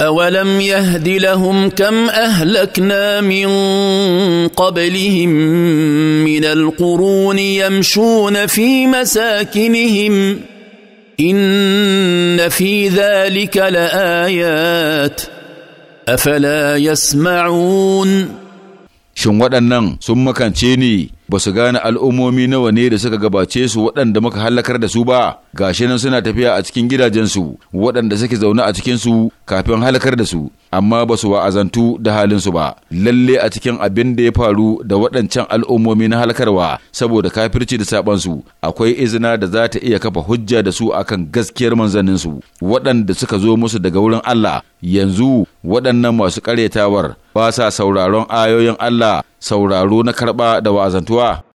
أولم يهد لهم كم أهلكنا من قبلهم من القرون يمشون في مساكنهم إن في ذلك لآيات أفلا يسمعون shin waɗannan sun makance ni ba su gane al'ummomi nawa ne da suka gabace su waɗanda muka hallakar da su ba gashi nan suna tafiya a cikin gidajensu waɗanda suke zaune a cikinsu kafin halakar da su amma ba su wa'azantu da halinsu ba lalle a cikin abin da ya faru da waɗancan al'ummomi na halakarwa saboda kafirci da sabansu akwai izina da za ta iya kafa hujja da su akan gaskiyar manzaninsu waɗanda suka zo musu daga wurin Allah yanzu waɗannan masu ƙaryatawar ba sa sauraron ayoyin Allah sauraro na karɓa da wa'azantuwa